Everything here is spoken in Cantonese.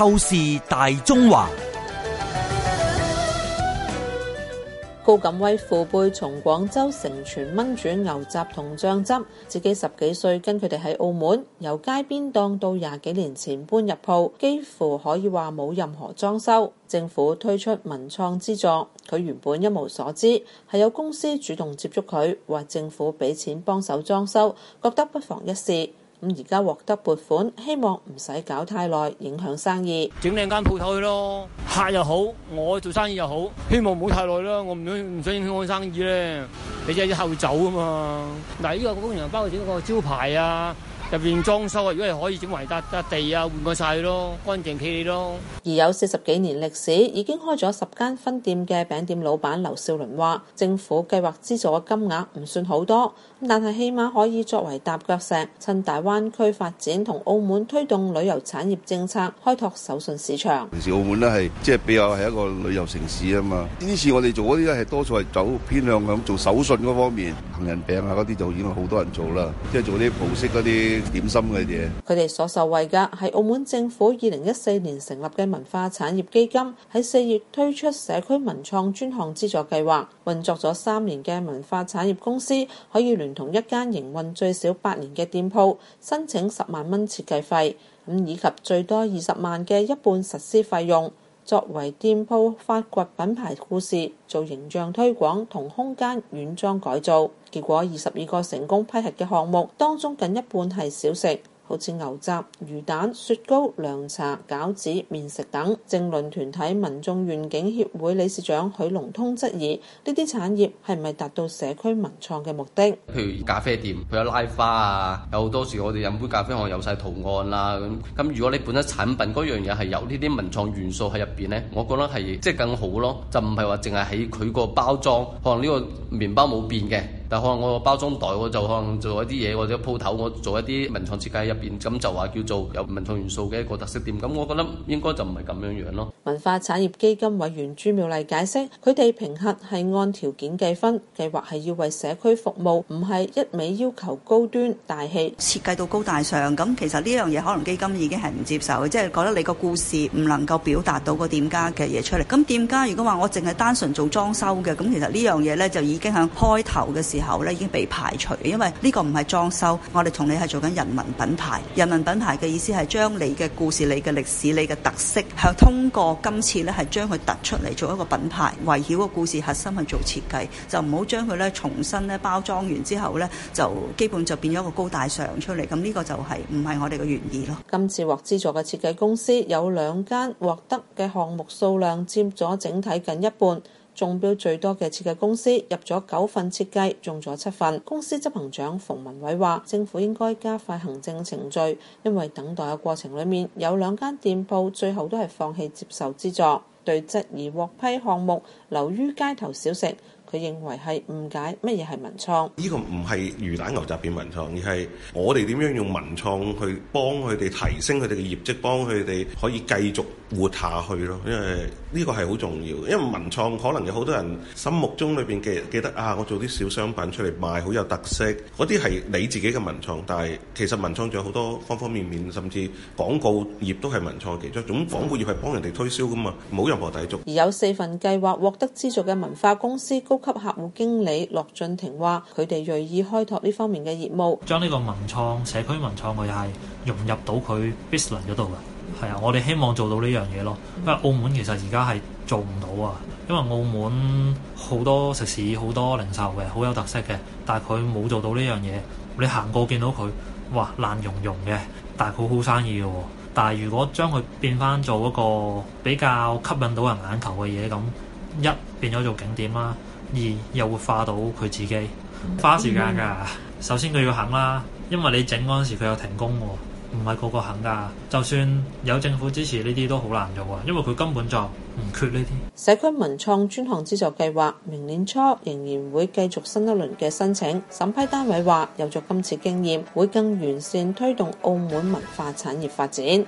透視大中華，高錦威父輩從廣州承傳炆煮牛雜同醬汁，自己十幾歲跟佢哋喺澳門，由街邊檔到廿幾年前搬入鋪，幾乎可以話冇任何裝修。政府推出文創資助，佢原本一無所知，係有公司主動接觸佢，話政府俾錢幫手裝修，覺得不妨一試。咁而家獲得撥款，希望唔使搞太耐，影響生意。整兩間鋪頭去咯，客又好，我做生意又好，希望唔好太耐啦。我唔想唔想影響我生意咧，你即係啲客會走啊嘛。嗱，呢個工程包括整個招牌啊。入邊裝修啊，如果係可以，整圍笪笪地啊，換過晒咯，乾淨企理咯。而有四十幾年歷史，已經開咗十間分店嘅餅店老闆劉少麟話，政府計劃資助嘅金額唔算好多，但係起碼可以作為踏腳石，趁大灣區發展同澳門推動旅遊產業政策，開拓手信市場。平時澳門呢係即係比較係一個旅遊城市啊嘛。呢次我哋做嗰啲咧係多數係走偏向響做手信嗰方面，杏仁餅啊嗰啲就已經好多人做啦，即係做啲葡式嗰啲。佢哋所受惠嘅係澳門政府二零一四年成立嘅文化產業基金，喺四月推出社區文創專項資助計劃。運作咗三年嘅文化產業公司，可以聯同一間營運最少八年嘅店鋪，申請十萬蚊設計費，咁以及最多二十萬嘅一半實施費用。作為店鋪發掘品牌故事、做形象推廣同空間軟裝改造，結果二十二個成功批核嘅項目當中，近一半係小食。好似牛雜、魚蛋、雪糕、涼茶、餃子、麵食等，政論團體民眾願景協會理事長許龍通質疑：呢啲產業係咪達到社區文創嘅目的？譬如咖啡店，佢有拉花啊，有好多時我哋飲杯咖啡，我有晒圖案啦、啊。咁，咁如果你本身產品嗰樣嘢係有呢啲文創元素喺入邊呢，我覺得係即係更好咯。就唔係話淨係喺佢個包裝，可能呢個麵包冇變嘅。但可能我個包裝袋，我就可能做一啲嘢，或者鋪頭我做一啲文創設計入邊，咁就話叫做有文創元素嘅一個特色店。咁我覺得應該就唔係咁樣樣咯。文化產業基金委員朱妙麗解釋，佢哋評核係按條件計分，計劃係要為社區服務，唔係一味要求高端大氣設計到高大上。咁其實呢樣嘢可能基金已經係唔接受嘅，即係覺得你個故事唔能夠表達到個店家嘅嘢出嚟。咁店家如果話我淨係單純做裝修嘅，咁其實呢樣嘢呢，就已經喺開頭嘅時候。後咧已經被排除，因為呢個唔係裝修，我哋同你係做緊人民品牌。人民品牌嘅意思係將你嘅故事、你嘅歷史、你嘅特色，係通過今次咧係將佢突出嚟做一個品牌，圍繞個故事核心去做設計，就唔好將佢咧重新咧包裝完之後咧，就基本就變咗一個高大上出嚟。咁、這、呢個就係唔係我哋嘅原意咯。今次獲資助嘅設計公司有兩間，獲得嘅項目數量佔咗整體近一半。中標最多嘅設計公司入咗九份設計，中咗七份。公司執行長馮文偉話，政府應該加快行政程序，因為等待嘅過程裏面有兩間店鋪最後都係放棄接受資助。對質疑獲批項目留於街頭小食。佢認為係誤解乜嘢係文創？呢個唔係魚蛋牛雜變文創，而係我哋點樣用文創去幫佢哋提升佢哋嘅業績，幫佢哋可以繼續活下去咯。因為呢個係好重要，因為文創可能有好多人心目中裏邊記記得啊，我做啲小商品出嚟賣，好有特色，嗰啲係你自己嘅文創。但係其實文創仲有好多方方面面，甚至廣告業都係文創其中一種。咁廣告業係幫人哋推銷噶嘛，冇任何抵觸。而有四份計劃獲得資助嘅文化公司，高級客戶經理駱俊庭話：佢哋銳意開拓呢方面嘅業務，將呢個文創，社區文創嘅又係融入到佢 business 嗰度嘅係啊。我哋希望做到呢樣嘢咯，因為澳門其實而家係做唔到啊。因為澳門好多食肆，好多零售嘅好有特色嘅，但係佢冇做到呢樣嘢。你行過見到佢，哇爛融融嘅，但係佢好好生意嘅。但係如果將佢變翻做一個比較吸引到人眼球嘅嘢，咁一變咗做景點啦。而又會活化到佢自己，花時間㗎。嗯、首先佢要肯啦，因為你整嗰陣時佢有停工喎，唔係個個肯㗎。就算有政府支持呢啲都好難做啊，因為佢根本就唔缺呢啲。社區文創專項資助計劃明年初仍然會繼續新一輪嘅申請，審批單位話，有咗今次經驗，會更完善推動澳門文化產業發展。